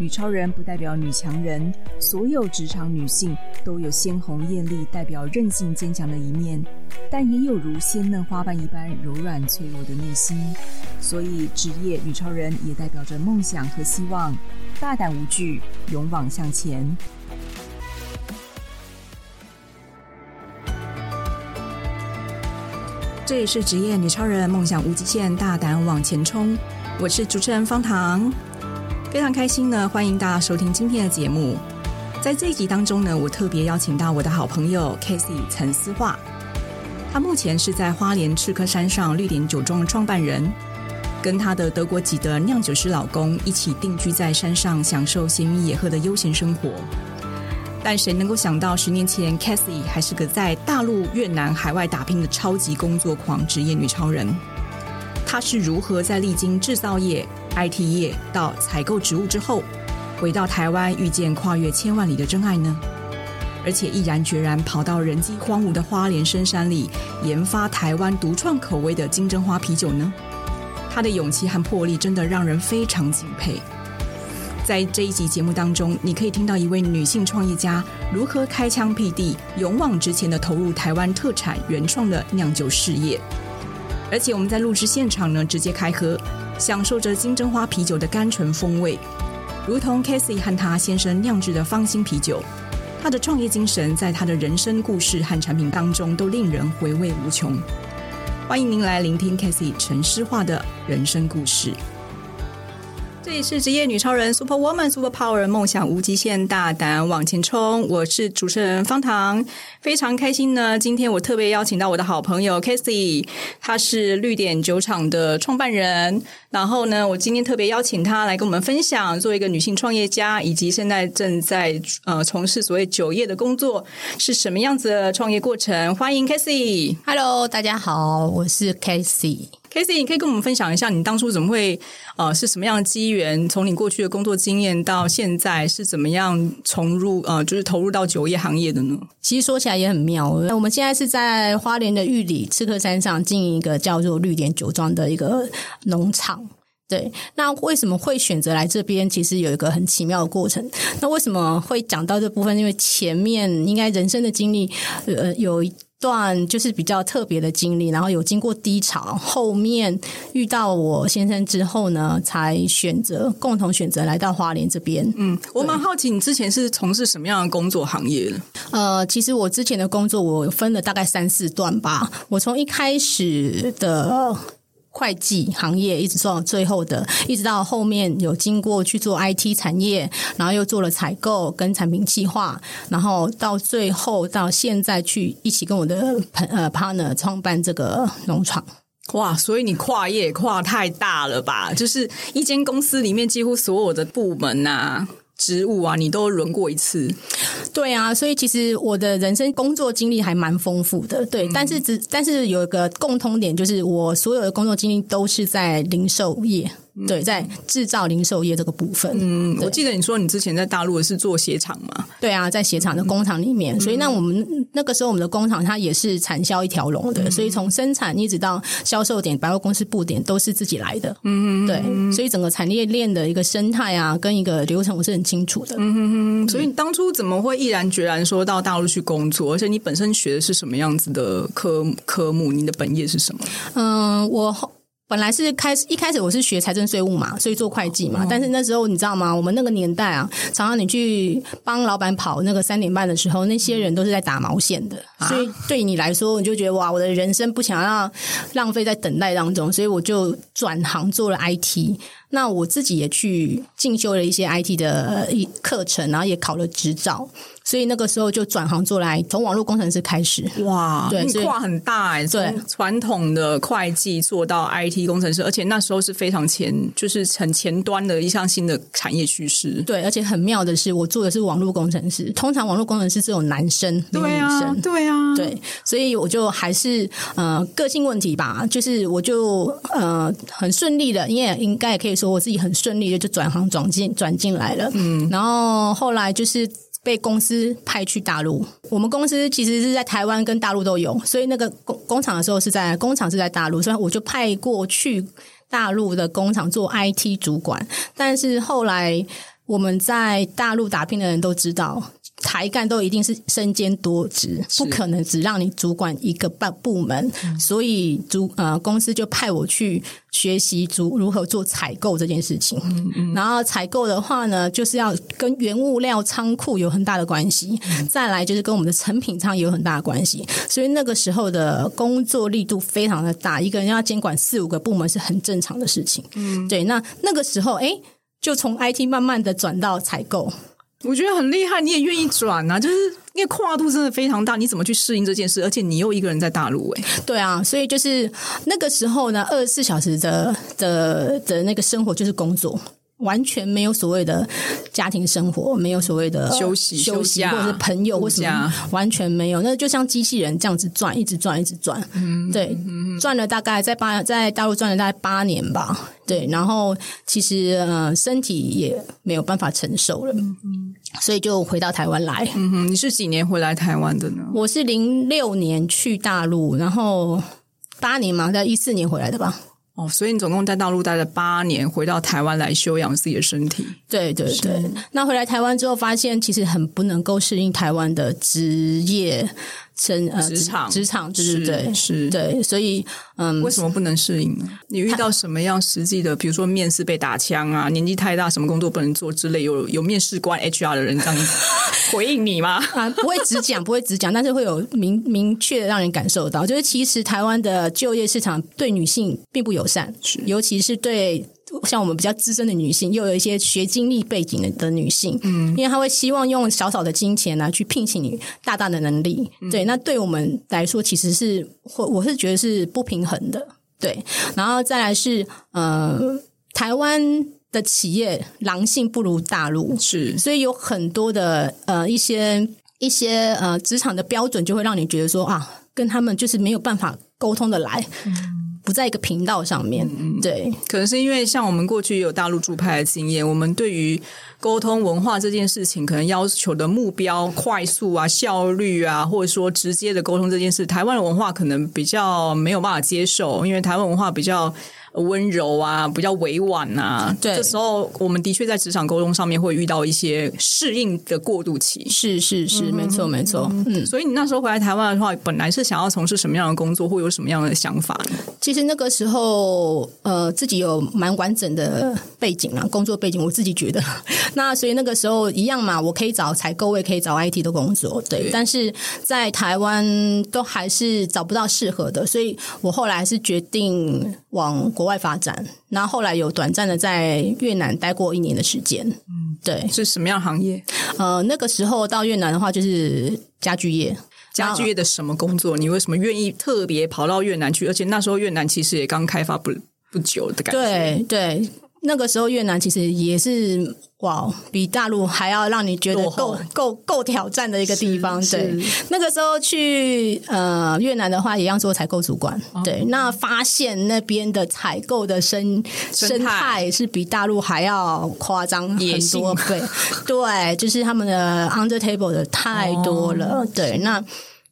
女超人不代表女強人，所有職場女性都有鮮紅豔麗代表韌性堅強的一面，但也有如鮮嫩花瓣一般柔軟脆弱的內心。所以，職業女超人也代表着夢想和希望，大膽無懼，勇往向前。這也是職業女超人夢想無極限，大膽往前衝。我是主持人方糖。非常開心呢，歡迎大家收聽今天的節目。在這一集當中呢，我特別邀請到我的好朋友 Cathy 陳思樺，她目前是在花蓮赤科山上綠點酒莊的創辦人，跟她的德國籍的釀酒師老公一起定居在山上，享受閒雲野鶴的悠閒生活。但誰能夠想到，十年前 Cathy 還是個在大陸、越南、海外打拼的超級工作狂職業女超人。她是如何在歷經制造業，IT 業到採購職務之後，回到台灣遇見跨越千萬里的真愛呢？而且毅然決然跑到人跡荒蕪的花蓮深山裡，研發台灣獨創口味的金針花啤酒呢？她的勇氣和魄力真的讓人非常敬佩。在這一集節目當中，你可以聽到一位女性創業家如何開疆闢地、勇往直前的投入台灣特產原創的釀酒事業，而且我們在錄制現場呢，直接開喝。享受着金針花啤酒的甘醇風味，如同 Cathy 和她先生釀製的芳心啤酒。她的創業精神在她的人生故事和產品當中都令人回味無窮。歡迎您來聆聽 Cathy 陳思樺的人生故事。這裡是職業女超人 Super Woman Super Power，夢想無極限，大膽往前衝。我是主持人芳糖，非常開心呢。今天我特別邀請到我的好朋友 Cathy，她是綠點酒廠的創辦人。然後呢，我今天特別邀請她來跟我們分享，作為一個女性創業家，以及現在正在呃從事所謂酒業的工作是什麼樣子的創業過程。歡迎 Cathy，Hello，大家好，我是 Cathy。Cathy 你可以跟我們分享一下，你當初怎麼會呃，是什麼樣的機緣？從你過去的工作經驗到現在，是怎麼樣重入呃，就是投入到酒業行業的呢？其實說起來也很妙。那我們現在是在花蓮的玉里赤科山上，經營一個叫做綠點酒莊的一個農場。對，那為什麼會選擇來這邊？其實有一個很奇妙的過程。那為什麼會講到這部分？因為前面應該人生的經歷，呃，有。段就是比較特別的經歷，然後有經過低潮，後面遇到我先生之後呢，才選擇共同選擇來到花蓮這邊。嗯，我蠻好奇你之前是從事什麼樣的工作行業了？呃，其實我之前的工作我分了大概三四段吧，我從一開始的。哦會計行業一直做到最後的一直到後面有經過去做 IT 產業，然後又做了採購跟產品計劃，然後到最後到現在去一起跟我的朋呃 partner 創辦這個農場。哇，所以你跨業跨太大了吧？就是一間公司裡面幾乎所有的部門吶、啊。職務啊，你都輪過一次，對啊，所以其實我的人生工作經歷還蠻豐富的，對，嗯，但是只但是有一個共通點，就是我所有的工作經歷都是在零售業。對，在製造零售業這個部分，嗯，我記得你說你之前在大陸是做鞋廠嘛？對啊，在鞋廠的工廠裡面，嗯、所以那我們那個時候我們的工廠它也是產銷一條龍的，嗯、所以從生產一直到銷售點、百貨公司布點都是自己來的。嗯，對嗯，所以整個產業鏈的一個生態啊，跟一個流程我是很清楚的。嗯哼哼，所以你當初怎麼會毅然決然說到大陸去工作？而且你本身學的是什麼樣子的科科目？你的本業是什麼？嗯，我後。本來是開始，一開始我是學財政稅務嘛，所以做會計嘛、嗯。但是那時候你知道嗎？我們那個年代啊，常常你去幫老闆跑那個三點半的時候，那些人都是在打毛線的。嗯啊、所以對你來說，你就覺得哇，我的人生不想要浪費在等待當中，所以我就轉行做了 IT。那我自己也去進修了一些 IT 的課程，然後也考了執照。所以那個時候就轉行做來，從網絡工程師開始哇，對，跨很大哎，從傳統的會計做到 IT 工程師，而且那時候是非常前，就是很前端的一項新的產業趨勢。對，而且很妙的是，我做的是網絡工程師，通常網絡工程師只有男生，對啊，女女生，對啊，對，所以我就還是呃個性問題吧，就是我就呃很順利的，因為應該也可以說我自己很順利的就轉行轉進轉進來了，嗯，然後後來就是。被公司派去大陸。我們公司其實是在台灣跟大陸都有，所以那個工工廠的時候是在，工廠是在大陸，所以我就派過去大陸的工廠做 IT 主管。但是後來我們在大陸打拼的人都知道。才幹都一定是身兼多職，不可能只讓你主管一個部部門。所以主呃，公司就派我去學習主如何做採購這件事情。嗯嗯，然後採購的話呢，就是要跟原物料倉庫有很大的關係，嗯嗯，再來就是跟我們的成品倉也有很大的關係。所以那個時候的工作力度非常的大，一個人要監管四五個部門是很正常的事情。嗯、對，那那個時候誒、欸、就從 IT 慢慢的轉到採購。我覺得很厲害，你也願意轉啊？就是因為跨度真的非常大，你怎麼去適應這件事？而且你又一個人在大陸，欸，哎，對啊，所以就是那個時候呢，二十四小時的的的那個生活就是工作。完全沒有所謂的家庭生活，沒有所謂的休息休息，啊，或者是朋友，休或是完全沒有。那就像機器人這樣子轉，一直轉，一直轉。嗯、對、嗯，轉了大概在八在大陸轉了大概八年吧。對，然後其實呃身體也沒有辦法承受了，嗯、所以就回到台灣來。嗯，嗯，你是幾年回來台灣的呢？我是零六年去大陸，然後八年嘛，在一四年回來的吧。哦，所以你總共在大陸待了八年，回到台灣來休養自己的身體。對對對，那回來台灣之後，發現其實很不能夠適應台灣的職業。職、呃、職場職場是是，對是，對，所以嗯，為什麼不能適應呢？你遇到什麼樣實際的，比如說面試被打槍啊，年紀太大，什麼工作不能做之類，有有面試官 HR 的人這樣回應你嗎？ 啊，不會只講，不會只講， 但是會有明明確的讓人感受到，就是其實台灣的就業市場對女性並不友善，是，尤其是對。像我們比較資深的女性，又有一些學經歷背景的的女性，嗯，因為她會希望用少少的金錢來、啊、去聘請你大大的能力、嗯，對。那對我們來說，其實是我，我是覺得是不平衡的，對。然後再來是，呃，臺灣的企業狼性不如大陸，是，所以有很多的呃一些一些呃職場的標準，就會讓你覺得說啊，跟他們就是沒有辦法溝通的來。嗯不在一個頻道上面，對。嗯，可能是因為像我們過去也有大陸駐派的經驗，我們對於，溝通文化這件事情，可能要求的目標快速啊、嗯、效率啊，或者說直接的溝通這件事，台灣的文化可能比較沒有辦法接受，因為台灣文化比較溫柔啊、比較委婉啊。嗯、對，這時候我們的確在職場溝通上面會遇到一些適應的過渡期。是是是，沒錯沒錯嗯。嗯，所以你那時候回來台灣的話，本來是想要從事什麼樣的工作，或有什麼樣的想法呢？其實那個時候，呃，自己有蠻完整的背景啊，工作背景，我自己覺得。那所以那個時候一樣嘛，我可以找採購位，可以找 IT 的工作，對，對。但是在台灣都還是找不到適合的，所以我後來是決定往國外發展。然後後來有短暫的在越南待過一年的時間。嗯，對，是什麼樣行業？呃，那個時候到越南的話，就是家具業。家具業的什麼工作啊？你為什麼願意特別跑到越南去？而且那時候越南其實也剛開發不不久的感覺。對對。那個時候越南其實也是哇，比大陸還要讓你覺得夠夠夠挑戰的一個地方。對，那個時候去呃越南的話，也要做採購主管、哦。對，那發現那邊的採購的生生態是比大陸還要誇張很多倍。對， 就是他們的 under table 的太多了。哦、對，那。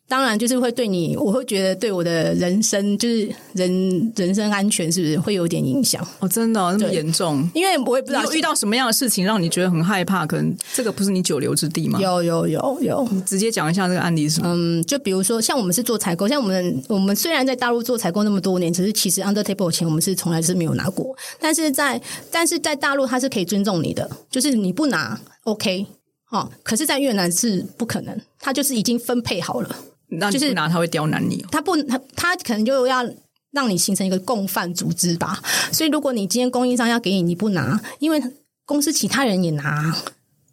當然，就是會對你，我會覺得對我的人生，就是人人生安全，是不是會有點影響？哦，真的、哦、那麼嚴重？因為我也不,不知道有遇到什麼樣的事情讓你覺得很害怕，可能這個不是你久留之地嘛有有有有，你直接講一下這個案例是什麼嗯，就比如說像我們是做採購，像我們我們雖然在大陸做採購那麼多年，只是其實 under table 錢我們是從來是沒有拿過，但是在但是在大陸他是可以尊重你的，就是你不拿 OK 哦，可是在越南是不可能，他就是已經分配好了。那就是拿，他會刁難你。哦，就是他，他不他他可能就要讓你形成一個共犯組織吧。所以如果你今天供應商要給你，你不拿，因為公司其他人也拿，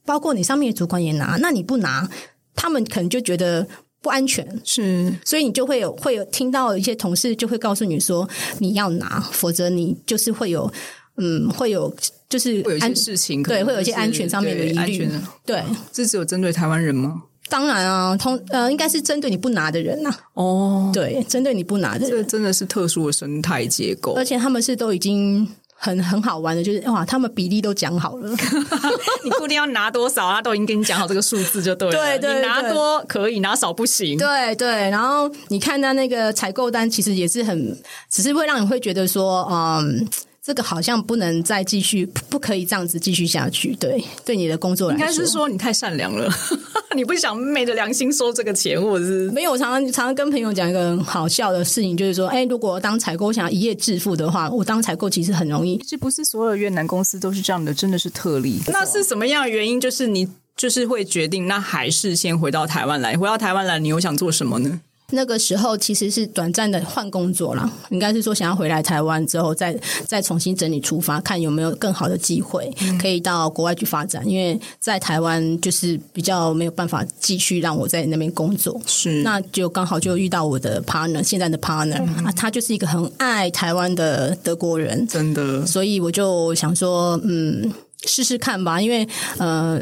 包括你上面的主管也拿，那你不拿，他們可能就覺得不安全，是。所以你就會有會有聽到一些同事就會告訴你說，你要拿，否則你就是會有嗯會有就是會有一些事情可能對，會有一些安全上面的疑慮啊。對，這只有針對台灣人嗎？當然啊，通呃，應該是針對你不拿的人吶、啊。哦，對，針對你不拿的人，的這真的是特殊的生態結構。而且他們是都已經很很好玩的，就是哇，他們比例都講好了， 你固定要拿多少啊，他都已經跟你講好這個數字就對了。 對，對，對對，你拿多可以，拿少不行。對對，對，然後你看他那，那個採購單，其實也是很，只是會讓你會覺得說，嗯。這個好像不能再繼續不，不可以這樣子繼續下去。對，對你的工作來說，應該是說你太善良了， 你不想昧着良心收這個錢，或者是沒有。我常常常常跟朋友講一個好笑的事情，就是說，哎、欸，如果當採購我想要一夜致富的話，我當採購其實很容易。是不是所有越南公司都是這樣的？真的是特例？那是什麼樣的原因？就是你就是會決定，那還是先回到台灣來，回到台灣來，你又想做什麼呢？那個時候其實是短暫的換工作啦，應該是說想要回來台灣之後再，再再重新整理出發，看有沒有更好的機會可以到國外去發展、嗯。因為在台灣就是比較沒有辦法繼續讓我在那邊工作，是。那就剛好就遇到我的 partner，現在的 partner、嗯、啊，他就是一個很愛台灣的德國人，真的。所以我就想說，嗯，試試看吧。因為呃，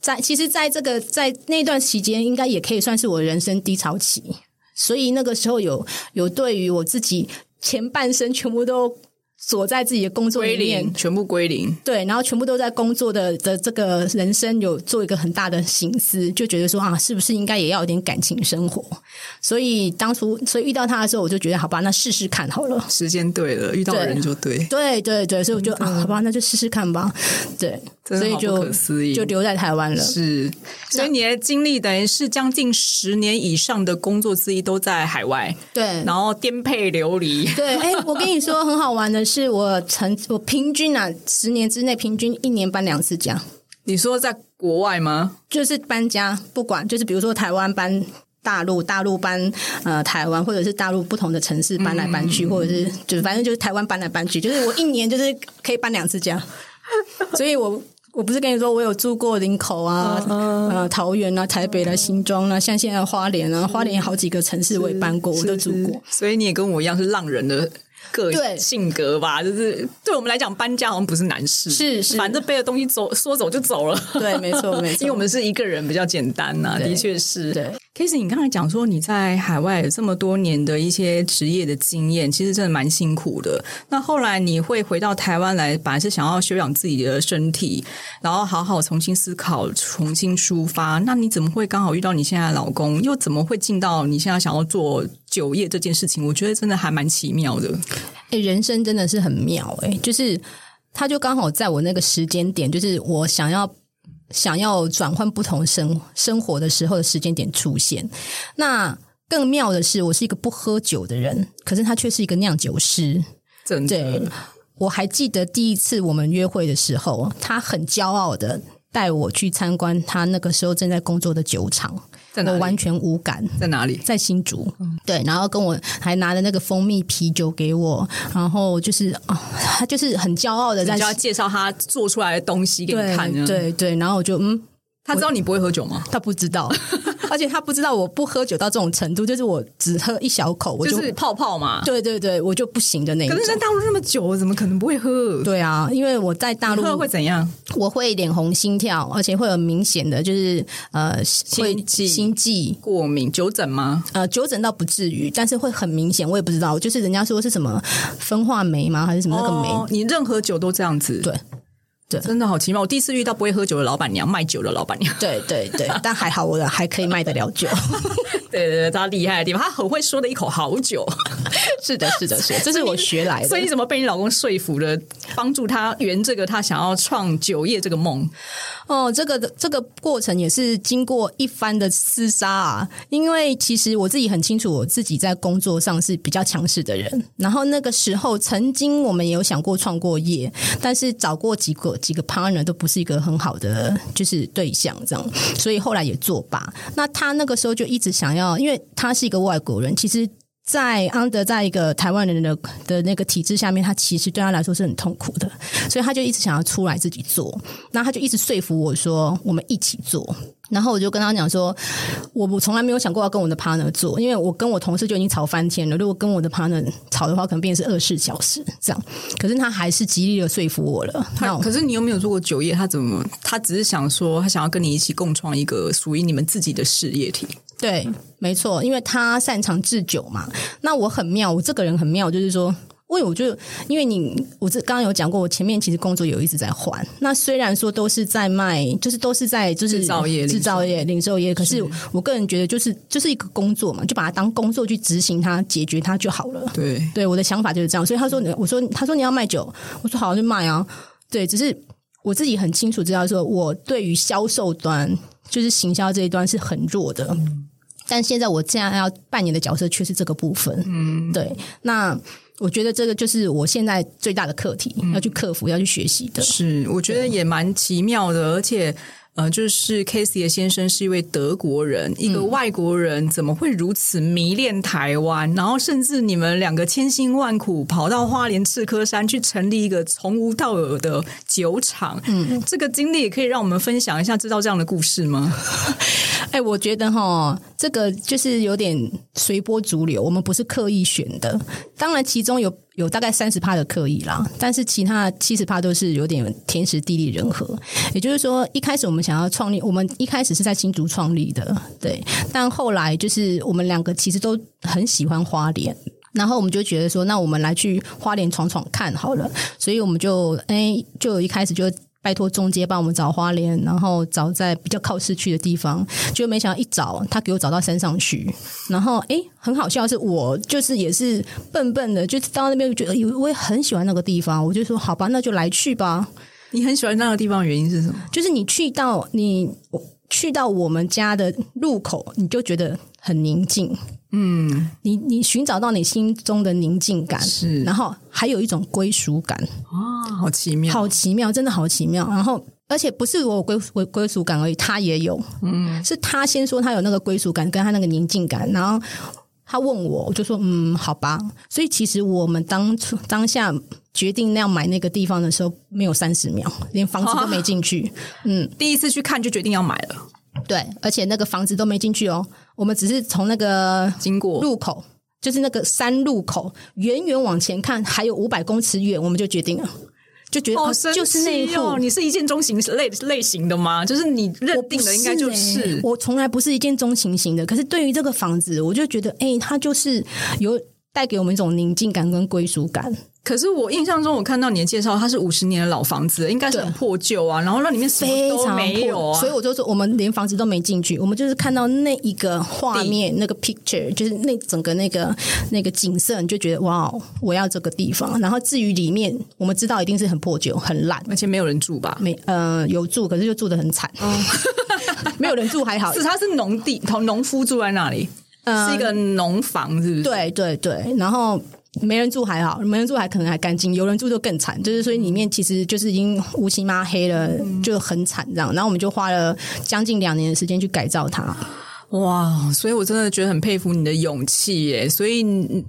在其實，在這個在那段期間，應該也可以算是我人生低潮期。所以那個時候有有對於我自己前半生全部都鎖在自己的工作裡面，歸零，全部歸零。對，然後全部都在工作的的這個人生有做一個很大的省思，就覺得說啊，是不是應該也要有點感情生活？所以當初所以遇到他的時候，我就覺得好吧，那試試看好了。時間對了，遇到人就對，對。對對對，所以我就、嗯、啊，好吧，那就試試看吧。對。所以就就留在台灣了，是。所以你的經歷等於是將近十年以上的工作之一，都在海外，對。然後顛沛流離，對。哎、欸，我跟你說很好玩的是，我曾，我平均啊，十年之內平均一年搬兩次家。你說在國外嗎？就是搬家，不管就是比如說台灣搬大陸，大陸搬呃台灣，或者是大陸不同的城市搬來搬去，嗯、或者是就反正就是台灣搬來搬去，就是我一年就是可以搬兩次家。 所以我，我我不是跟你說，我有住過林口啊 uh, uh,、呃，桃園啊，台北的新莊啊，像現在花蓮啊，花蓮好幾個城市我也搬過，我都住過。所以你也跟我一樣是浪人的個性格吧？就是對我們來講搬家好像不是難事，是，是反正背了東西走，說走就走了。 對，沒錯，沒錯，因為我們是一個人，比較簡單吶、啊，的確是對。Cathy，你剛才講說你在海外有這麼多年的一些職業的經驗，其實真的蠻辛苦的。那後來你會回到台灣來，本來是想要休養自己的身體，然後好好重新思考、重新出發。那你怎麼會剛好遇到你現在的老公，又怎麼會進到你現在想要做酒業這件事情？我覺得真的還蠻奇妙的。誒，人生真的是很妙誒、欸。就是他就剛好在我那個時間點，就是我想要。想要轉換不同生生活的時候的時間點出現，那更妙的是，我是一個不喝酒的人，可是他卻是一個釀酒師。真的。對，我還記得第一次我們約會的時候，他很驕傲的帶我去參觀他那個時候正在工作的酒廠。.真的完全無感。在哪裡？在新竹。對，然後跟我還拿着那個蜂蜜啤酒給我，然後就是、啊、他就是很驕傲的在要介紹他做出來的東西給你看。對對、對，然後我就嗯。他知道你不會喝酒嗎？他不知道。 而且他不知道我不喝酒到這種程度，就是我只喝一小口，我就、就是、泡泡嘛。對對對，我就不行的那種。可是，在大陸這麼久，我怎麼可能不會喝？對啊，因為我在大陸喝會怎樣？我會臉紅心跳，而且會有明顯的，就是呃，心悸心悸過敏、酒疹嗎？呃，酒疹倒不至於，但是會很明顯。我也不知道，就是人家說是什麼分化酶嗎，還是什麼那個酶？哦，你任何酒都這樣子？對。真的好奇妙！我第一次遇到不會喝酒的老闆娘，賣酒的老闆娘。對對對，但還好我還可以賣得了酒。 對對對，他厲害的地方，他很會說的一口好酒 是。是的，是的，是，這 是我學來的。所以，你怎麼被你老公說服了，幫助他圓這個他想要創酒業這個夢？哦，這個的這個過程也是經過一番的廝殺啊！因為其實我自己很清楚，我自己在工作上是比較強勢的人。嗯、然後那個時候，曾經我們也有想過創過業，但是找過幾個。幾個 partner 都不是一個很好的就是對象，這樣，所以後來也作罷。那他那個時候就一直想要，因為他是一個外國人，其實，在安德在一個台灣人的的那個體制下面，他其實對他來說是很痛苦的，所以他就一直想要出來自己做。那他就一直說服我說，我們一起做。然後我就跟他講說，我我從來沒有想過要跟我的 partner 做，因為我跟我同事就已經吵翻天了。如果跟我的 partner 吵的話，可能變成是二十四小時這樣。可是他還是極力的說服我了。那可是你又沒有做過酒業，他怎麼？他只是想說，他想要跟你一起共創一個屬於你們自己的事業體。對，沒錯，因為他擅長製酒嘛。那我很妙，我這個人很妙，就是說。因為我就因為你我這剛剛有講過，我前面其實工作有一直在換。那雖然說都是在賣，就是都是在就是製造業、製造業、零售業。可是我個人覺得，就是就是一個工作嘛，就把它當工作去執行它、解決它就好了。對，對，我的想法就是這樣。所以他說你，我說他說你要賣酒，我說好好去賣啊。對，只是我自己很清楚知道說，說我對於銷售端，就是行銷這一端是很弱的。嗯，但現在我這樣要扮演的角色卻是這個部分。嗯，對，那。我覺得這個就是我現在最大的課題，嗯，要去克服，要去學習的。是，我覺得也蠻奇妙的，而且。呃，就是 Cathy 先生是一位德國人，一個外國人怎麼會如此迷戀台灣，嗯？然後甚至你們兩個千辛萬苦跑到花蓮赤科山去成立一個從無到有的酒廠，嗯，這個經歷也可以讓我們分享一下，知道這樣的故事嗎？ 哎，我覺得哈，這個就是有點隨波逐流，我們不是刻意選的，當然其中有。有大概三十趴的刻意啦，但是其他七十趴都是有點天時地利人和。也就是說，一開始我們想要創立，我們一開始是在新竹創立的，對。但後來就是我們兩個其實都很喜歡花蓮，然後我們就覺得說，那我們來去花蓮闖闖看好了，所以我們就誒、欸，就一開始就。拜託中介幫我們找花蓮，然後找在比較靠市區的地方，就沒想到一找，他給我找到山上去。然後，誒、欸，很好笑的是，我就是也是笨笨的，就到那邊就覺得，欸，我也很喜歡那個地方，我就說好吧，那就來去吧。你很喜歡那個地方的原因是什麼？就是你去到你去到我們家的入口，你就覺得很寧靜。嗯，你你尋找到你心中的寧靜感是，然後還有一種歸屬感哦，好奇妙，好奇妙，真的好奇妙。然後，而且不是我有歸歸歸屬感而已，他也有，嗯，是他先說他有那個歸屬感，跟他那個寧靜感，然後他問我，我就說嗯，好吧。所以其實我們當初當下決定要買那個地方的時候，沒有三十秒，連房子都沒進去，哦，嗯，第一次去看就決定要買了。對，而且那個房子都沒進去哦，我們只是從那個經過路口，就是那個山路口，遠遠往前看，還有五百公尺遠，我們就決定了，就覺得、哦哦、就是那一，你是一見鍾情類類型的嗎？就是你認定的應該就是，我，是、欸、我從來不是一見鍾情型的，可是對於這個房子，我就覺得，哎、欸，它就是有帶給我們一種寧靜感跟歸屬感。可是我印象中，我看到你的介紹，它是五十年的老房子，應該是很破舊啊。然後那裡面什麼都沒有啊，所以我就說，我們連房子都沒進去，我們就是看到那一個畫面，那個 picture 就是那整個那個那個景色，你就覺得哇，我要這個地方。然後至於裡面，我們知道一定是很破舊、很爛，而且沒有人住吧？沒呃有住，可是就住得很慘，嗯、 沒有人住還好。是它是農地，農農夫住在那裡、呃，是一個農房，是不是？對對對，然後。沒人住還好，沒人住還可能還乾淨，有人住就更慘，嗯、就是所以裡面其實就是已經烏漆嘛黑了，嗯、就很慘這樣。然後我們就花了將近兩年的時間去改造它。哇，所以我真的覺得很佩服你的勇氣耶！所以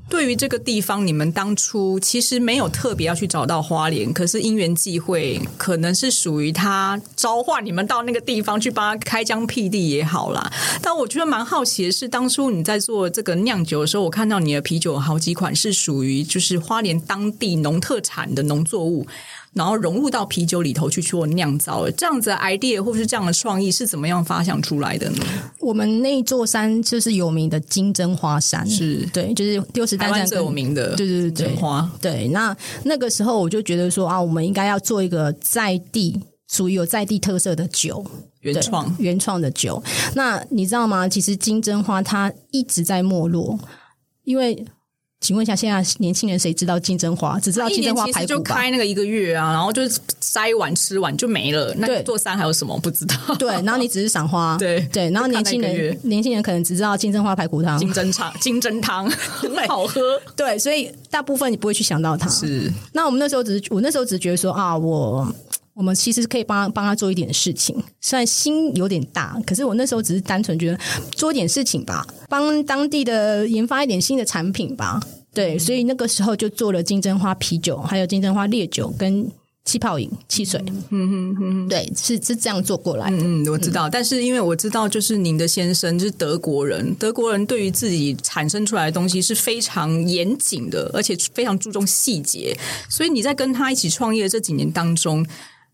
對於這個地方，你們當初其實沒有特別要去找到花蓮，可是因緣際會，可能是屬於他召喚你們到那個地方去幫他開疆闢地也好啦。但我覺得蠻好奇的是，當初你在做這個釀酒的時候，我看到你的啤酒有好幾款是屬於就是花蓮當地農特產的農作物。然後融入到啤酒裡頭去做釀造，這樣子的 idea 或是這樣的創意是怎麼樣發想出來的呢？我們那一座山就是有名的金針花山，是對，就是六十大家最有名的金針花，金對對對。花對，對，那那個時候我就覺得說啊，我們應該要做一個在地，屬於有在地特色的酒，原創原創的酒。那你知道嗎？其實金針花它一直在沒落，因為。請問一下，現在年輕人誰知道金針花？只知道金針花排骨吧。啊、一年其實就開那個一個月啊，然後就是摘完吃完就沒了。那座山還有什麼？不知道。對，然後你只是賞花。對對，然後年輕人年輕人可能只知道金針花排骨湯、金針茶、 金針湯，很好喝。對，所以大部分你不會去想到它。是。那我們那時候只是我那時候只是覺得說啊我。我們其實是可以幫他幫他做一點事情，雖然心有點大，可是我那時候只是單純覺得做點事情吧，幫當地的研發一點新的產品吧。對，嗯、所以那個時候就做了金針花啤酒，還有金針花烈酒跟氣泡飲、汽水。嗯哼哼、嗯嗯，對，是是這樣做過來的。嗯嗯，我知道、嗯。但是因為我知道，就是您的先生、就是德國人，德國人對於自己產生出來的東西是非常嚴謹的，而且非常注重細節。所以你在跟他一起創業這幾年當中。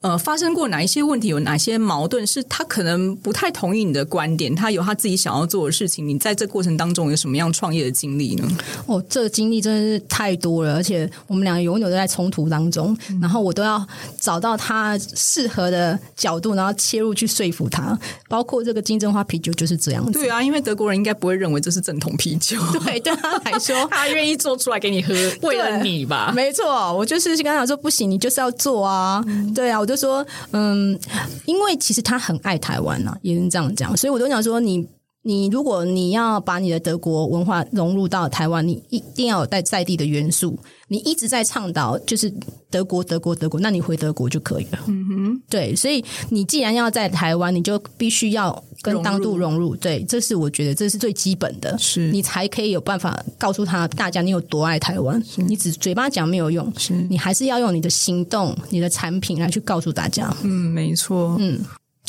呃，發生過哪一些問題？有哪一些矛盾？是他可能不太同意你的觀點，他有他自己想要做的事情。你在這過程當中有什麼樣創業的經歷呢？哦，這個經歷真的是太多了，而且我們倆永遠都在衝突當中，嗯，然後我都要找到他適合的角度，然後切入去說服他。包括這個金針花啤酒就是這樣子。對啊，因為德國人應該不會認為這是正統啤酒。對，對他來說，他 願意做出來給你喝， 為了你吧？沒錯，我就是剛才說不行，你就是要做啊。嗯、對啊。就說，嗯，因為其實他很愛台灣吶，也是這樣講，所以我都想說你。你如果你要把你的德國文化融入到台灣，你一定要有在在地的元素。你一直在倡導就是德國，德國，德國，那你回德國就可以了。嗯哼，對，所以你既然要在台灣，你就必須要跟當地融入，融入。對，這是我覺得這是最基本的，是你才可以有辦法告訴他大家你有多愛台灣。你只嘴巴講沒有用，是，你還是要用你的行動、你的產品來去告訴大家。嗯，沒錯。嗯。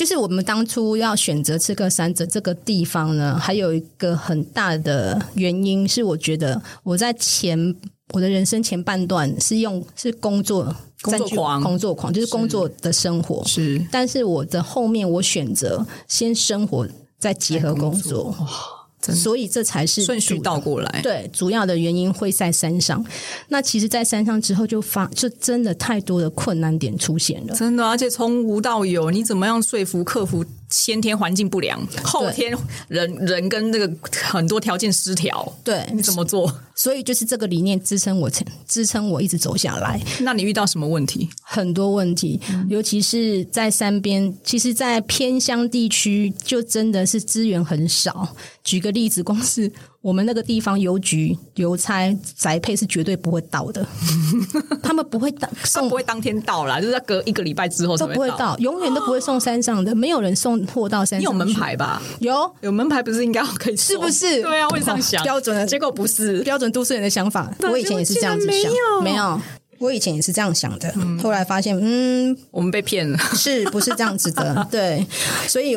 就是我們當初要選擇赤科山這個地方呢，還有一個很大的原因是，我覺得我在前，我的人生前半段是用，是工作，工作狂、工作狂，就是工作的生活是，但是我的後面我選擇先生活再結合工作。工作所以這才是順序倒過來。對，主要的原因會在山上。那其實，在山上之後，就發就真的太多的困難點出現了。真的，而且從無到有，你怎麼樣說服、克服？先天環境不良，後天人人跟那個很多條件失調，對，你怎麼做？所以就是這個理念支撐我，撐支撐我一直走下來。那你遇到什麼問題？很多問題，嗯，尤其是在山邊，其實在偏鄉地區，就真的是資源很少。舉個例子，光是。我們那個地方郵局郵差宅配是絕對不會到的， 他們不會當，送他不會當天到啦，就是在隔一個禮拜之後才會不會到，永遠都不會送山上的，哦、沒有人送貨到山上。上。有門牌吧？有有門牌，不是應該好可以送？是不是？對啊，我這樣想、啊，標準的，結果不是標準都市人的想法。我以前也是這樣子想，沒有，沒有，我以前也是這樣想的，後、嗯、來發現，嗯，我們被騙了，是不是這樣子的？ 對，所以。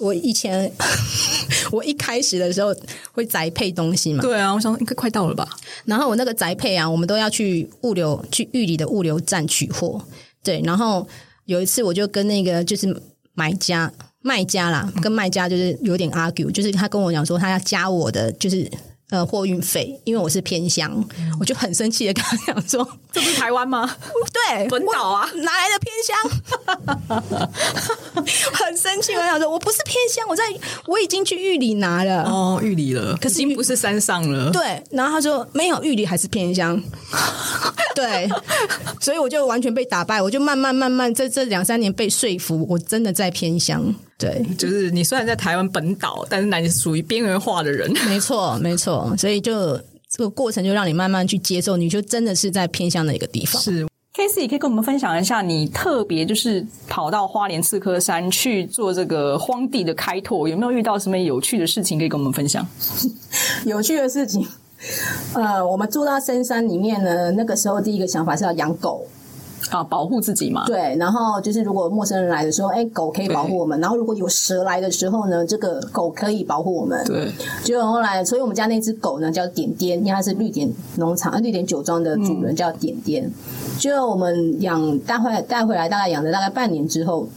我以前， 我一開始的時候會宅配東西嘛？對啊，我想說應該快到了吧？然後我那個宅配啊，我們都要去物流去玉里的物流站取貨。對，然後有一次我就跟那個就是買家賣家啦、嗯，跟賣家就是有點 argue，就是他跟我講說他要加我的，就是。呃，貨運費，因為我是偏鄉，我就很生氣的跟他講說：“這不是台灣嗎？對，本島啊，哪來的偏鄉？” 很生氣，我想說：“我不是偏鄉，我在我已經去玉里拿了哦，玉里了，可是已經不是山上了。”對，然後他說：“沒有玉里，還是偏鄉。 ”對，所以我就完全被打敗，我就慢慢慢慢這這兩三年被說服，我真的在偏鄉。對，就是你雖然在台灣本島，但是你是屬於邊緣化的人。沒錯，沒錯，所以就這個過程就讓你慢慢去接受，你就真的是在偏鄉的一個地方。是，Cathy 也可以跟我們分享一下，你特別就是跑到花蓮赤科山去做這個荒地的開拓，有沒有遇到什麼有趣的事情可以跟我們分享？有趣的事情，呃，我們住到深山裡面呢，那個時候第一個想法是要養狗。啊，保護自己嘛。對，然後就是如果陌生人來的時候，哎，狗可以保護我們。然後如果有蛇來的時候呢，這個狗可以保護我們。對，結果後來，所以我們家那隻狗呢叫點點因為它是綠點農場、綠點酒莊的主人，嗯，叫點點。就我們養帶回帶回來，回來大概養了大概半年之後，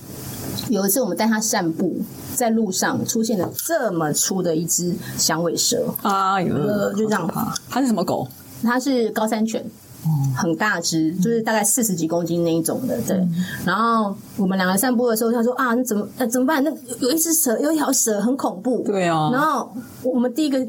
有一次我們帶它散步，在路上出現了這麼粗的一隻響尾蛇啊，哎！呃，就這樣，它是什麼狗？它是高山犬。嗯，很大只，就是大概四十幾公斤那一種的，對。嗯，然後我們兩個散步的時候，他說啊，那怎麼呃怎麼辦？那有一只蛇，有一條蛇，很恐怖。對啊。然後我們第一個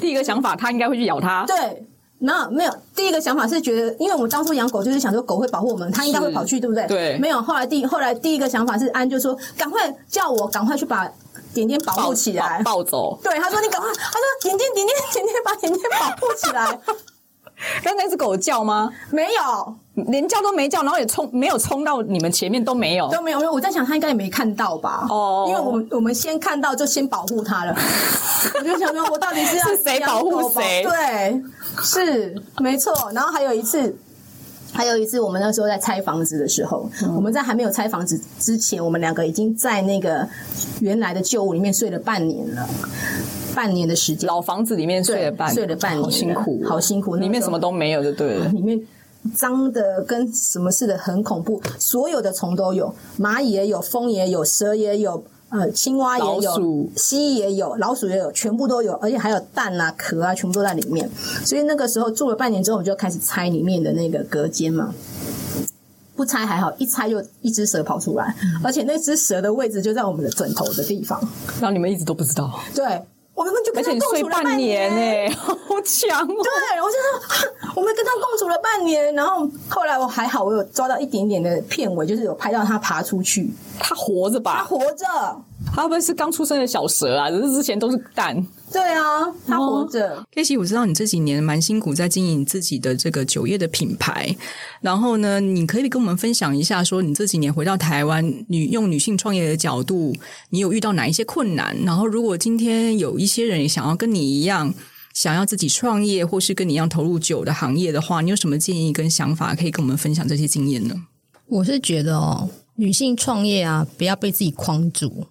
第一個想法，他應該會去咬它。對。然後沒有，第一個想法是覺得，因為我們當初養狗就是想說狗會保護我們，它應該會跑去，對不對？對。沒有，後來第後來第一個想法是安就說趕快叫我趕快去把點點保護起來，抱抱，抱走。對，他說你趕快，他說點點點點點點，把點點保護起來。 剛才那隻狗叫嗎？沒有，連叫都沒叫，然後也衝，沒有衝到你們前面，都沒有，都沒有。我在想，他應該也沒看到吧？哦、oh.，因為我們我們先看到就先保護他了。 我就想說，我到底是要 是誰保護誰？對，是沒錯。然後還有一次，還有一次，我們那時候在拆房子的時候、嗯，我們在還沒有拆房子之前，我們兩個已經在那個原來的舊屋裡面睡了半年了。半年的時間，老房子裡面睡了半年，睡了半年，好辛苦，好、好辛苦。裡面什麼都沒有，就對了。裡面髒的跟什麼似的，很恐怖。所有的蟲都有，螞蟻也有，蜂也有，蛇也有，呃，青蛙也有，老鼠蜥、蜥也有，蜥也有，老鼠也有，全部都有。而且還有蛋啊、殼啊，全部都在裡面。所以那個時候住了半年之後，我們就開始拆裡面的那個隔間嘛。不拆還好，一拆就一隻蛇跑出來，嗯、而且那隻蛇的位置就在我們的枕頭的地方。然後你們一直都不知道，對。我根本就跟它共處了半年，哎、欸，好強，喔！對，我就說，我們跟他共處了半年，然後後來我還好，我有抓到一點點的片尾，就是有拍到他爬出去，他活着吧？他活着，他不是剛出生的小蛇啊，只是之前都是蛋。對啊，他活着。Cathy，我知道你這幾年蠻辛苦在經營自己的這個酒業的品牌，然後呢，你可以跟我們分享一下，說你這幾年回到台灣，女用女性創業的角度，你有遇到哪一些困難？然後，如果今天有一些人也想要跟你一樣，想要自己創業，或是跟你一樣投入酒的行業的話，你有什麼建議跟想法可以跟我們分享這些經驗呢？我是覺得哦，女性創業啊，不要被自己框住，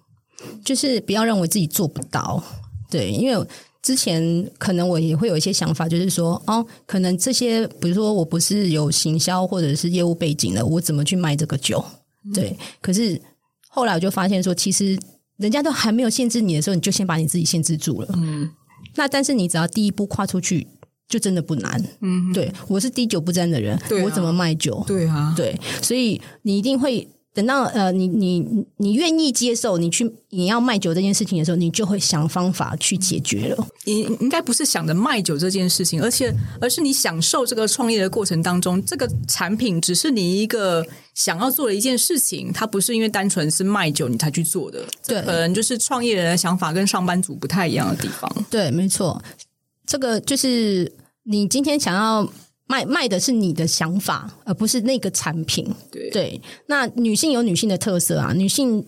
就是不要認為自己做不到。對，因為之前可能我也會有一些想法，就是說，哦，可能這些，比如說，我不是有行銷或者是業務背景的，我怎麼去賣這個酒？嗯、對，可是後來我就發現說，說其實人家都還沒有限制你的時候，你就先把你自己限制住了。嗯，那但是你只要第一步跨出去，就真的不難。嗯，對，我是滴酒不沾的人，啊，我怎麼賣酒？對啊，對，所以你一定會。等到呃，你你你願意接受你去你要賣酒這件事情的時候，你就會想方法去解決了。你應該不是想着賣酒這件事情，而且而是你享受這個創業的過程當中，這個產品只是你一個想要做的一件事情，它不是因為單純是賣酒你才去做的。對，可能就是創業人的想法跟上班族不太一樣的地方。對，沒錯，這個就是你今天想要。賣賣的是你的想法，而不是那個產品。對，對，那女性有女性的特色啊，女性，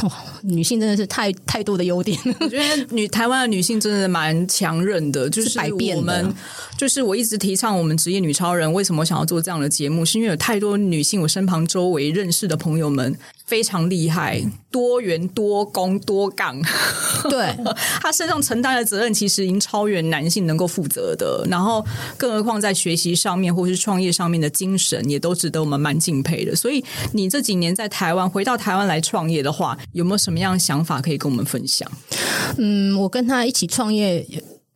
哦、女性真的是太太多的優點。我覺得女台灣的女性真的蠻強韌的，就是，是百變的啊。我們就是我一直提倡我們職業女超人，為什麼想要做這樣的節目？是因為有太多女性，我身旁周圍認識的朋友們。非常厲害，多元多工多槓，對 他身上承擔的責任其實已經超越男性能夠負責的。然後，更何況在學習上面或是創業上面的精神，也都值得我們蠻敬佩的。所以，你這幾年在台灣回到台灣來創業的話，有沒有什麼樣的想法可以跟我們分享？嗯，我跟他一起創業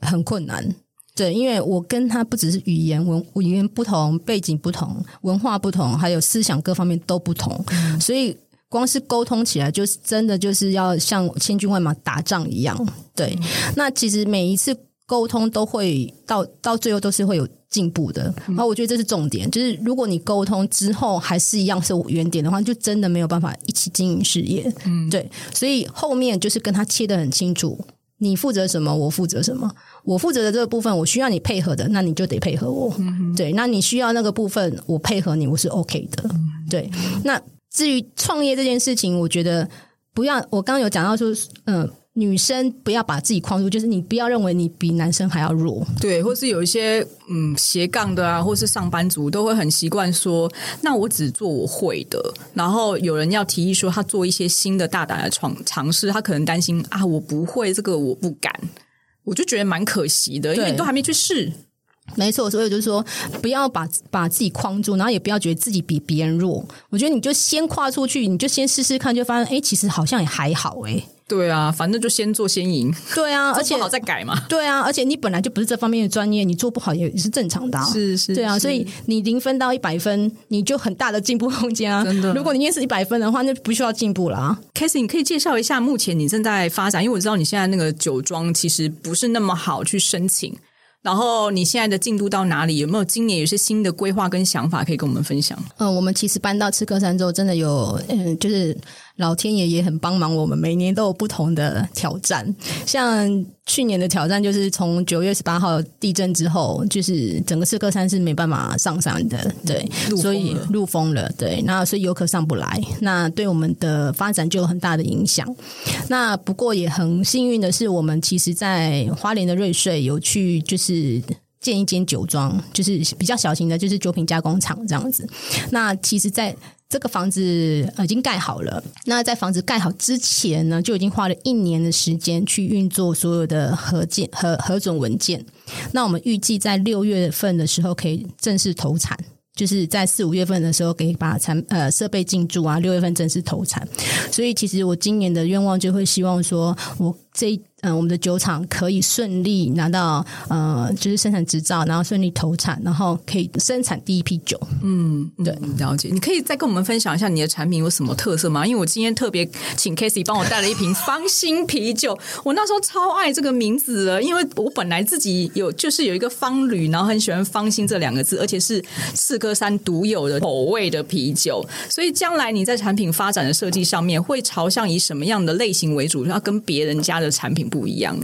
很困難，對，因為我跟他不只是語言文語言不同，背景不同，文化不同，還有思想各方面都不同，所以。光是溝通起來，就是真的就是要像千軍萬馬打仗一樣。哦。對。嗯，那其實每一次溝通都會到到最後都是會有進步的。嗯。然後我覺得這是重點，就是如果你溝通之後還是一樣是我原點的話，就真的沒有辦法一起經營事業。嗯，對，所以後面就是跟他切得很清楚，你負責什麼，我負責什麼，我負責的這個部分，我需要你配合的，那你就得配合我。嗯嗯、對，那你需要那個部分，我配合你，我是 OK 的。嗯、對、嗯，那。至於創業這件事情，我覺得不要。我剛剛有講到說，嗯、呃，女生不要把自己框住，就是你不要認為你比男生還要弱，對，或是有一些嗯斜槓的啊，或是上班族都會很習慣說，那我只做我會的。然後有人要提議說他做一些新的大膽的嘗嘗試，他可能擔心啊，我不會這個，我不敢。我就覺得蠻可惜的，因為都還沒去試。沒錯，所以我就是說，不要把把自己框住，然後也不要覺得自己比別人弱。我覺得你就先跨出去，你就先試試看，就發現哎，其實好像也還好哎。對啊，反正就先做先贏。對啊，做不好再改嘛。對啊，而且你本來就不是這方面的專業，你做不好也是正常的啊。是是。對啊，所以你零分到一百分，你就很大的進步空間啊。真的，如果你也是一百分的話，那不需要進步了啊。Cathy，你可以介紹一下目前你正在發展，因為我知道你現在那個酒莊其實不是那麼好去申請。然後你現在的進度到哪裡？有沒有今年有些新的規劃跟想法可以跟我們分享？嗯，我們其實搬到赤科山之後，真的有嗯，就是。老天爺也很幫忙我們，每年都有不同的挑戰。像去年的挑戰就是從九月十八號地震之後，就是整個赤科山是沒辦法上山的，對，嗯、路封了。所以路封了，對。那所以遊客上不來，那對我們的發展就有很大的影響。那不過也很幸運的是，我們其實，在花蓮的瑞穗有去，就是。建一間酒莊，就是比較小型的，就是酒品加工廠這樣子。那其實，在這個房子已經蓋好了。那在房子蓋好之前呢，就已經花了一年的時間去運作所有的核件核核准文件。那我們預計在六月份的時候可以正式投產，就是在四五月份的時候可以把產呃設備進駐啊，六月份正式投產。所以，其實我今年的願望就會希望說，我。這嗯、呃，我們的酒廠可以順利拿到呃，就是生產執照，然後順利投產，然後可以生產第一批酒。嗯，對，你了解。你可以再跟我們分享一下你的產品有什麼特色嗎？因為我今天特別請 Cathy 幫我帶了一瓶芳心啤酒， 我那時候超愛這個名字了，因為我本來自己有就是有一個芳旅，然後很喜歡“芳心”這兩個字，而且是赤科山獨有的口味的啤酒。所以，將來你在產品發展的設計上面會朝向以什麼樣的類型為主？要跟別人家的。產品不一樣。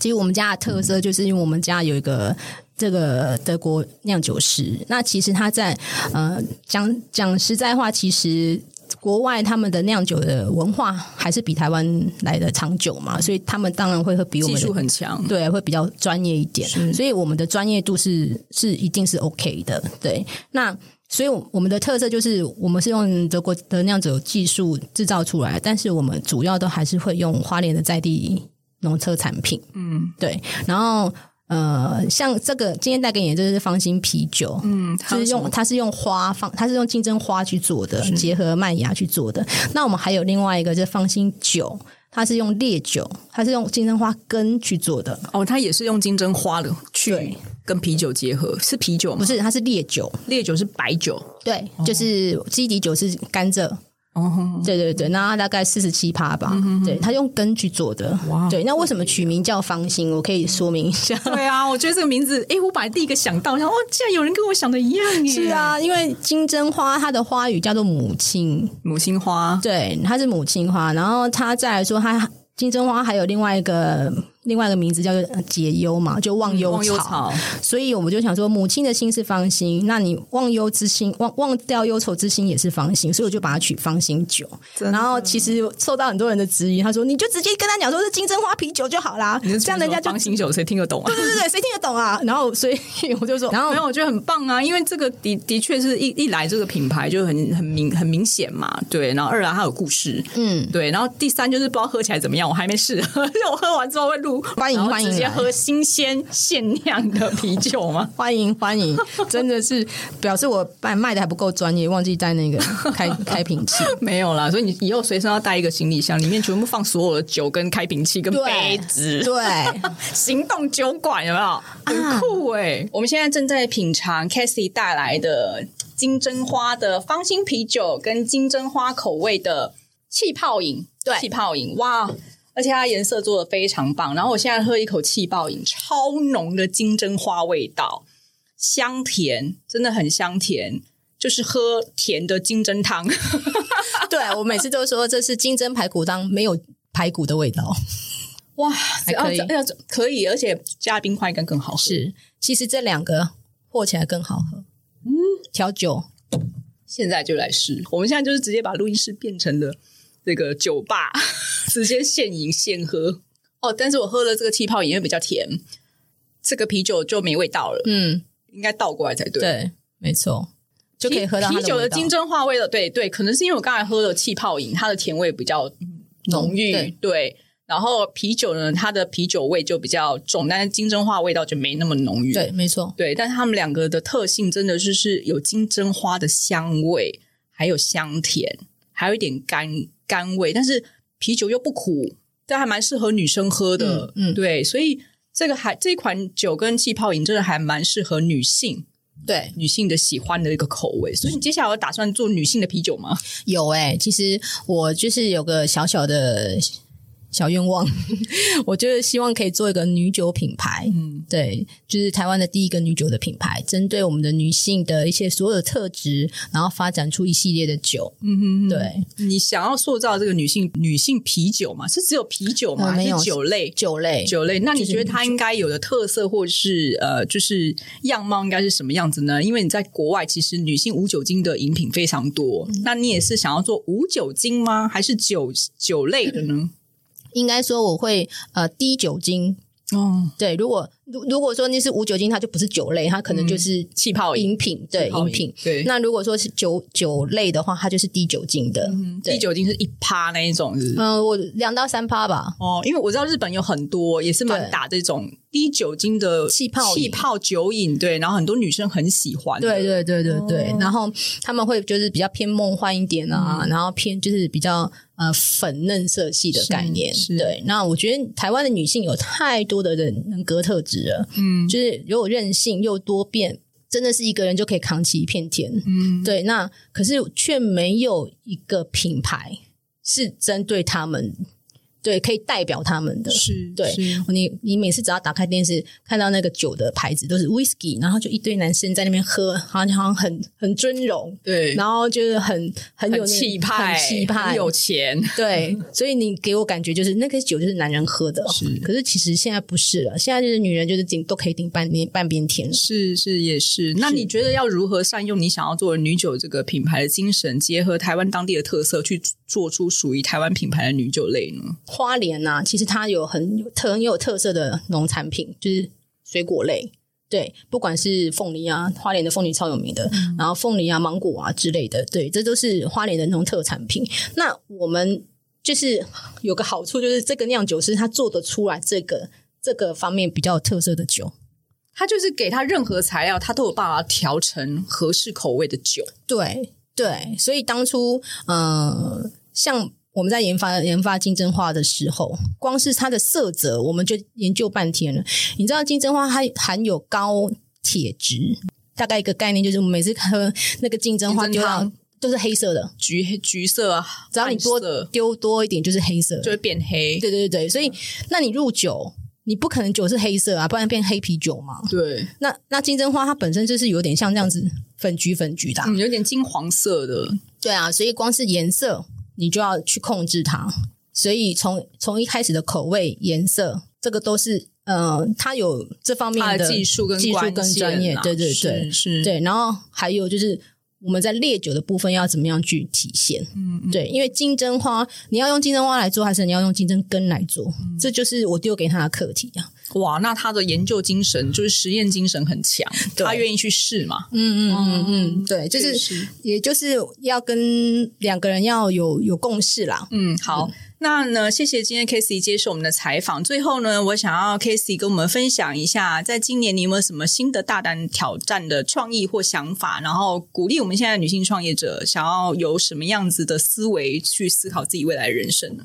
其實我們家的特色就是因為我們家有一個這個德國釀酒師。那其實他在呃講講實在話，其實國外他們的釀酒的文化還是比台灣來得長久嘛，所以他們當然會會比我們的技術很強，對，會比較專業一點。所以我們的專業度是是一定是 OK 的。對，那。所以，我們的特色就是，我們是用德國的那樣子技術制造出來的，但是我們主要都還是會用花蓮的在地農特產品。嗯，對。然後，呃，像這個今天帶給你的就是芳心啤酒，嗯，就是用它是用花放，它是用金針花去做的，結合麥芽去做的。那我們還有另外一個就是芳心酒。它是用烈酒，它是用金針花根去做的。哦，它也是用金針花的去跟啤酒結合，是啤酒嗎？不是，它是烈酒，烈酒是白酒。對，就是基底酒是甘蔗。哦，就是哦、oh，對對對，那大概四十七趴吧。嗯、哼哼對，他用根去做的，wow, 對。那為什麼取名叫“芳心”？我可以說明一下。對啊，我覺得這個名字，誒，我本來第一個想到，然後哦，竟然有人跟我想的一樣耶。是啊，因為金針花它的花語叫做“母親”，母親花。對，它是母親花。然後它再來說，它金針花還有另外一個。另外一個名字叫做解憂嘛，就忘憂草、嗯、忘憂草，所以我們就想說，母親的心是芳心，那你忘憂之心，忘忘掉憂愁之心也是芳心，所以我就把它取芳心酒。然後其實受到很多人的質疑，他說你就直接跟他講說是金針花啤酒就好啦，你是這樣人家芳心酒誰聽得懂？啊？對對對，對，誰聽得懂啊？ 然後所以我就說，然後沒有，我覺得很棒啊，因為這個的的確是一一來這個品牌就很很明很明顯嘛，對，然後二來、啊、它有故事，嗯，對，然後第三就是不知道喝起來怎麼樣，我還沒試，而 且我喝完之後會錄。歡迎歡迎，喝新鮮限量的啤酒嗎？酒嗎 歡迎歡迎，真的是表示我賣賣的還不夠專業，忘記帶那個開開瓶器。 沒有啦，所以你以後隨身要帶一個行李箱，裡面全部放所有的酒跟開瓶器跟杯子。對，對 行動酒館有沒有、啊、很酷哎、欸？我們現在正在品嘗 Cathy 帶來的金針花的芳心啤酒跟金針花口味的氣泡飲，對，對氣泡飲，哇！而且它顏色做得非常棒，然後我現在喝一口氣泡飲，超濃的金針花味道，香甜，真的很香甜，就是喝甜的金針湯。 對啊，我每次都說這是金針排骨湯，沒有排骨的味道。哇，可以，可以，而且加冰塊應該更好喝。是，其實這兩個和起來更好喝。嗯，調酒，現在就來試。我們現在就是直接把錄音室變成了。這個酒吧，直接現飲現喝。 哦，但是我喝了這個氣泡飲，因為比較甜，這個啤酒就沒味道了。嗯，應該倒過來才對。嗯、對，沒錯，就可以喝到啤酒的金針花味了。對對，可能是因為我剛才喝了氣泡飲，它的甜味比較濃郁。嗯、對，對，然後啤酒呢，它的啤酒味就比較重，但是金針花味道就沒那麼濃郁。對，沒錯。對，但是他們兩個的特性真的就是有金針花的香味，還有香甜。還有一點甘甘味，但是啤酒又不苦，但還蠻適合女生喝的。嗯，嗯對，所以這個還這一款酒跟氣泡飲，真的還蠻適合女性，嗯、對女性的喜歡的一個口味。所以你接下來有打算做女性的啤酒嗎？有誒、欸、其實我就是有個小小的。小願望，我覺得希望可以做一個女酒品牌，嗯，對，就是台灣的第一個女酒的品牌，針對我們的女性的一些所有的特質，然後發展出一系列的酒，嗯嗯，對，你想要塑造這個女性女性啤酒嗎？是只有啤酒嗎？呃、沒有，還是酒類，酒類，酒類。嗯，就是、女酒，那你覺得它應該有的特色，或是呃，就是樣貌應該是什麼樣子呢？因為你在國外其實女性無酒精的飲品非常多，嗯，那你也是想要做無酒精嗎？還是酒酒類的呢？嗯應該說我會呃低酒精，嗯，oh.，對，如果。如如果說那是無酒精，它就不是酒類，它可能就是氣、嗯、泡飲品，對，飲品。對，那如果說是酒酒類的話，它就是低酒精的，低酒、嗯、精是一趴那一種是是嗯，我兩到三趴吧。哦，因為我知道日本有很多也是蠻打這種低酒精的氣泡氣泡酒飲，對，然後很多女生很喜歡。對對對對對，哦，然後他們會就是比較偏夢幻一點啊、嗯，然後偏就是比較呃粉嫩色系的概念。是。是對，那我覺得台灣的女性有太多的人人格特質。嗯，就是又有韌性又多變，真的是一個人就可以扛起一片天。嗯，對，那可是卻沒有一個品牌是針對他們。對，可以代表他們的。是對，是你你每次只要打開電視，看到那個酒的牌子都是 Whisky，然後就一堆男生在那邊喝，好像好像很很尊榮，對，然後就是很很有很氣派很氣派，很有錢，對。所以你給我感覺就是那個酒就是男人喝的，是。可是其實現在不是了，現在就是女人就是頂都可以頂半邊半邊天了。是是也是。那你覺得要如何善用你想要做的女酒這個品牌的精神，結合台灣當地的特色，去做出屬於台灣品牌的女酒類呢？花蓮吶、啊，其實它有很特很有特色的農產品，就是水果類。對，不管是鳳梨啊，花蓮的鳳梨超有名的。然後鳳梨啊、芒果啊之類的，對，這都是花蓮的農特產品。那我們就是有個好處，就是這個釀酒師他做得出來這個這個方面比較有特色的酒，他就是給他任何材料，他都有辦法調成合適口味的酒。對對，所以當初，嗯、呃，像。我們在研发研發金針花的時候，光是它的色澤，我們就研究半天了。你知道金針花它含有高鐵質，大概一個概念就是，我們每次喝那個金針花，丟到都是黑色的，橘橘色啊。只要你多丟多一點，就是黑色，就會變黑。對對對，所以那你入酒，你不可能酒是黑色啊，不然變黑啤酒嘛。對，那那金針花它本身就是有點像這樣子粉橘粉橘的，嗯，有點金黃色的。對啊，所以光是顏色。你就要去控制它，所以從從一開始的口味、顏色，這個都是呃，它有這方面的，它的技術跟、啊、技術跟專業，對對對，是，是對。然後還有就是我們在烈酒的部分要怎麼樣去體現？嗯，嗯，對，因為金針花，你要用金針花來做，還是你要用金針根來做、嗯？這就是我丟給他的課題呀、啊。哇，那他的研究精神就是實驗精神很強，對，他願意去試嘛？嗯嗯嗯嗯，對，就是也就是要跟兩個人要有有共識啦。嗯，好，嗯、那呢，謝謝今天 Cathy 接受我們的採訪。最後呢，我想要 Cathy 跟我們分享一下，在今年你有沒有什麼新的大膽挑戰的創意或想法？然後鼓勵我們現在的女性創業者想要有什麼樣子的思維去思考自己未來人生呢？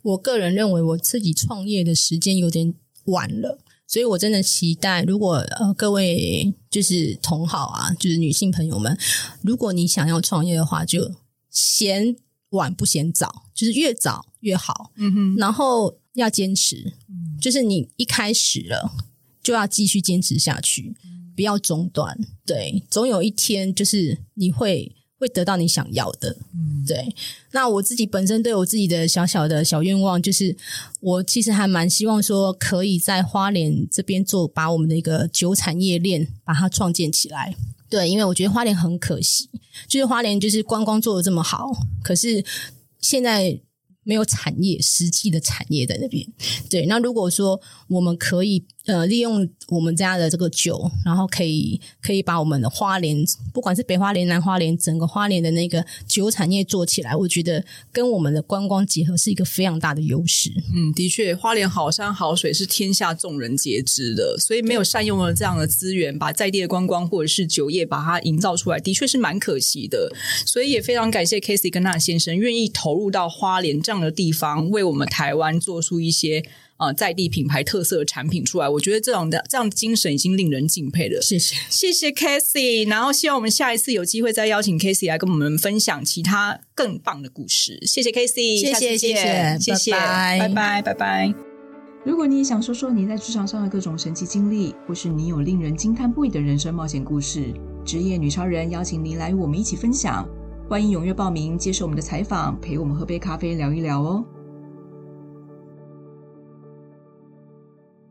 我個人認為，我自己創業的時間有點。晚了，所以我真的期待，如果呃各位就是同好啊，就是女性朋友們，如果你想要創業的話，就嫌晚不嫌早，就是越早越好。嗯哼，然後要堅持，就是你一開始了就要繼續堅持下去，不要中斷。對，總有一天就是你會。會得到你想要的，嗯，對。那我自己本身對我自己的小小的小願望，就是我其實還蠻希望說，可以在花蓮這邊做，把我們的一個酒產業鏈把它創建起來。對，因為我覺得花蓮很可惜，就是花蓮就是觀光做得這麼好，可是現在沒有產業，實際的產業在那邊。對，那如果說我們可以。呃，利用我們家的這個酒，然後可以可以把我們的花蓮，不管是北花蓮、南花蓮，整個花蓮的那個酒產業做起來，我覺得跟我們的觀光結合是一個非常大的優勢。嗯，的確，花蓮好山好水是天下眾人皆知的，所以沒有善用了這樣的資源，把在地的觀光或者是酒業把它營造出來，的確是蠻可惜的。所以也非常感謝 Cathy 跟納先生願意投入到花蓮這樣的地方，為我們台灣做出一些在地品牌特色的產品出來，我覺得這種的這樣的精神已經令人敬佩了。謝謝，謝謝 k a s h y 然後希望我們下一次有機會再邀請 k a s h y 來跟我們分享其他更棒的故事。謝謝 k a s h y 謝謝謝謝謝謝，拜拜謝謝拜，拜，拜拜。如果你想說說你在職場上的各種神奇經歷，或是你有令人驚嘆不已的人生冒險故事，職業女超人邀請您來與我們一起分享。歡迎踴躍報名，接受我們的採訪，陪我們喝杯咖啡聊一聊哦。